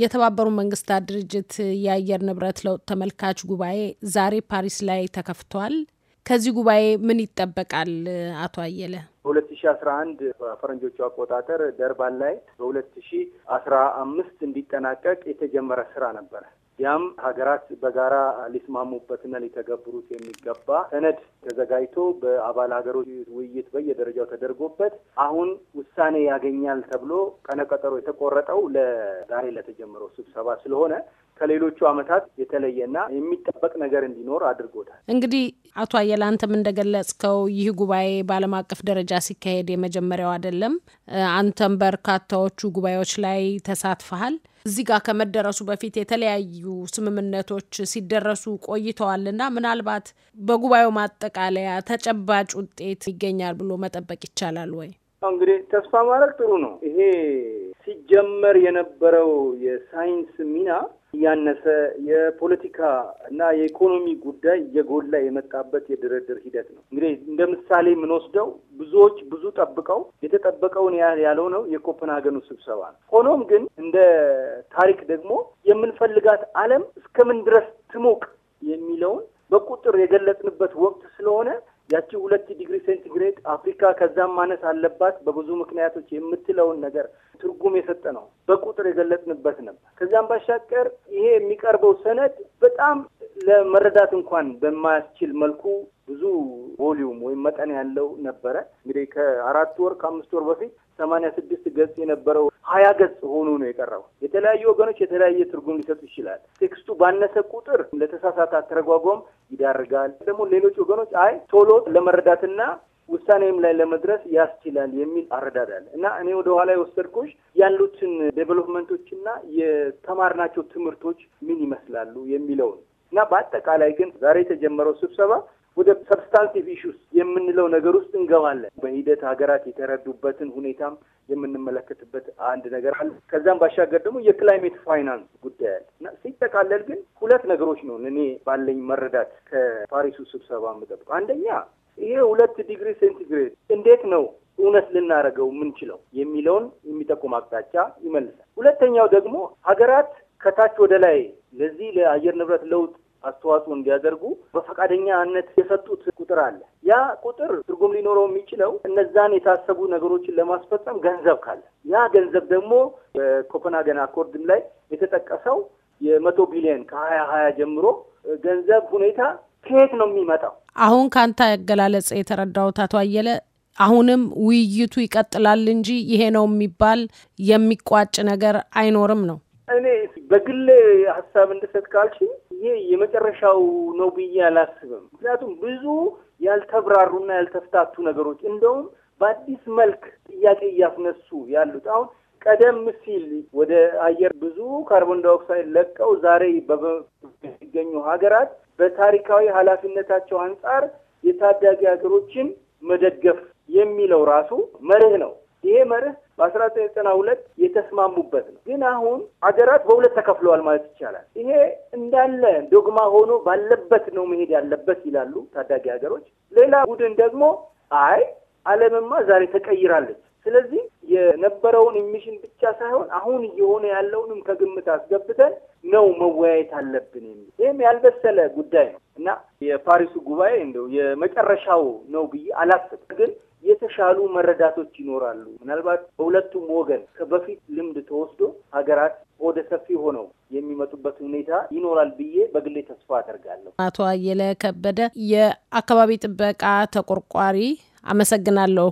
የተባበሩ መንግስታት ድርጅት የአየር ንብረት ለውጥ ተመልካች ጉባኤ ዛሬ ፓሪስ ላይ ተከፍቷል። ከዚህ ጉባኤ ምን ይጠበቃል? አቶ አየለ በሁለት ሺ አስራ አንድ በፈረንጆቹ አቆጣጠር ደርባን ላይ በሁለት ሺ አስራ አምስት እንዲጠናቀቅ የተጀመረ ስራ ነበረ። ያም ሀገራት በጋራ ሊስማሙበትና ሊተገብሩት የሚገባ ሰነድ ተዘጋጅቶ በአባል ሀገሮች ውይይት በየደረጃው ተደርጎበት አሁን ውሳኔ ያገኛል ተብሎ ቀነቀጠሮ የተቆረጠው ለዛሬ ለተጀመረው ስብሰባ ስለሆነ ከሌሎቹ ዓመታት የተለየና የሚጠበቅ ነገር እንዲኖር አድርጎታል። እንግዲህ አቶ አየለ አንተም እንደገለጽከው ይህ ጉባኤ በዓለም አቀፍ ደረጃ ሲካሄድ የመጀመሪያው አይደለም። አንተም በርካታዎቹ ጉባኤዎች ላይ ተሳትፈሃል። እዚህ ጋር ከመደረሱ በፊት የተለያዩ ስምምነቶች ሲደረሱ ቆይተዋል እና ምናልባት በጉባኤው ማጠቃለያ ተጨባጭ ውጤት ይገኛል ብሎ መጠበቅ ይቻላል ወይ? እንግዲህ ተስፋ ማድረግ ጥሩ ነው። ይሄ ሲጀመር የነበረው የሳይንስ ሚና እያነሰ የፖለቲካ እና የኢኮኖሚ ጉዳይ እየጎላ የመጣበት የድርድር ሂደት ነው። እንግዲህ እንደ ምሳሌ የምንወስደው ብዙዎች ብዙ ጠብቀው የተጠበቀውን ያህል ያለው ነው የኮፐንሃገኑ ስብሰባ ነው። ሆኖም ግን እንደ ታሪክ ደግሞ የምንፈልጋት ዓለም እስከምን ድረስ ትሞቅ የሚለውን በቁጥር የገለጽንበት ወቅት ስለሆነ ያቺ ሁለት ዲግሪ ሴንቲግሬድ አፍሪካ ከዛም ማነስ አለባት በብዙ ምክንያቶች የምትለውን ነገር ትርጉም የሰጠ ነው። በቁጥር የገለጽንበት ነበር። ከዚያም ባሻገር ይሄ የሚቀርበው ሰነድ በጣም ለመረዳት እንኳን በማያስችል መልኩ ብዙ ቮሊዩም ወይም መጠን ያለው ነበረ። እንግዲህ ከአራት ወር ከአምስት ወር በፊት ሰማንያ ስድስት ገጽ የነበረው ሀያ ገጽ ሆኖ ነው የቀረው። የተለያዩ ወገኖች የተለያየ ትርጉም ሊሰጡ ይችላል። ቴክስቱ ባነሰ ቁጥር ለተሳሳተ አተረጓጎም ይዳርጋል። ደግሞ ሌሎች ወገኖች አይ ቶሎ ለመረዳትና ውሳኔም ላይ ለመድረስ ያስችላል የሚል አረዳዳል እና እኔ ወደ ኋላ የወሰድኩሽ ያሉትን የተማር የተማርናቸው ትምህርቶች ምን ይመስላሉ የሚለውን እና በአጠቃላይ ግን ዛሬ የተጀመረው ስብሰባ ወደ ሰብስታንቲቭ ኢሹስ የምንለው ነገር ውስጥ እንገባለን። በሂደት ሀገራት የተረዱበትን ሁኔታም የምንመለከትበት አንድ ነገር አለ። ከዛም ባሻገር ደግሞ የክላይሜት ፋይናንስ ጉዳይ አለ እና ሲጠቃለል ግን ሁለት ነገሮች ነው እኔ ባለኝ መረዳት ከፓሪሱ ስብሰባ የምጠብቀው። አንደኛ ይሄ ሁለት ዲግሪ ሴንቲግሬድ እንዴት ነው እውነት ልናደርገው የምንችለው የሚለውን የሚጠቁም አቅጣጫ ይመልሳል። ሁለተኛው ደግሞ ሀገራት ከታች ወደ ላይ ለዚህ ለአየር ንብረት ለውጥ አስተዋጽኦ እንዲያደርጉ በፈቃደኛነት የሰጡት ቁጥር አለ። ያ ቁጥር ትርጉም ሊኖረው የሚችለው እነዛን የታሰቡ ነገሮችን ለማስፈጸም ገንዘብ ካለ፣ ያ ገንዘብ ደግሞ በኮፐንሃገን አኮርድም ላይ የተጠቀሰው የመቶ ቢሊዮን ከሀያ ሀያ ጀምሮ ገንዘብ ሁኔታ ከየት ነው የሚመጣው? አሁን ከአንተ አገላለጽ የተረዳሁት አቶ አየለ አሁንም ውይይቱ ይቀጥላል እንጂ ይሄ ነው የሚባል የሚቋጭ ነገር አይኖርም ነው በግል ሀሳብ እንድሰጥ ካልችል ይሄ የመጨረሻው ነው ብዬ አላስብም። ምክንያቱም ብዙ ያልተብራሩና ያልተፍታቱ ነገሮች እንደውም በአዲስ መልክ ጥያቄ እያስነሱ ያሉት አሁን ቀደም ሲል ወደ አየር ብዙ ካርቦን ዳይኦክሳይድ ለቀው ዛሬ በሚገኙ ሀገራት በታሪካዊ ኃላፊነታቸው አንጻር የታዳጊ ሀገሮችን መደገፍ የሚለው ራሱ መርህ ነው። ይሄ መርህ በአስራ ዘጠኝ ዘጠና ሁለት የተስማሙበት ነው። ግን አሁን ሀገራት በሁለት ተከፍለዋል ማለት ይቻላል። ይሄ እንዳለ ዶግማ ሆኖ ባለበት ነው መሄድ ያለበት ይላሉ ታዳጊ ሀገሮች። ሌላ ቡድን ደግሞ አይ ዓለምማ ዛሬ ተቀይራለች ስለዚህ የነበረውን ኢሚሽን ብቻ ሳይሆን አሁን እየሆነ ያለውንም ከግምት አስገብተን ነው መወያየት አለብን የሚል ይህም ያልበሰለ ጉዳይ ነው እና የፓሪሱ ጉባኤ እንደው የመጨረሻው ነው ብዬ አላስብም ግን የተሻሉ መረዳቶች ይኖራሉ። ምናልባት በሁለቱም ወገን ከበፊት ልምድ ተወስዶ ሀገራት ወደ ሰፊ ሆነው የሚመጡበት ሁኔታ ይኖራል ብዬ በግሌ ተስፋ አደርጋለሁ። አቶ አየለ ከበደ፣ የአካባቢ ጥበቃ ተቆርቋሪ፣ አመሰግናለሁ።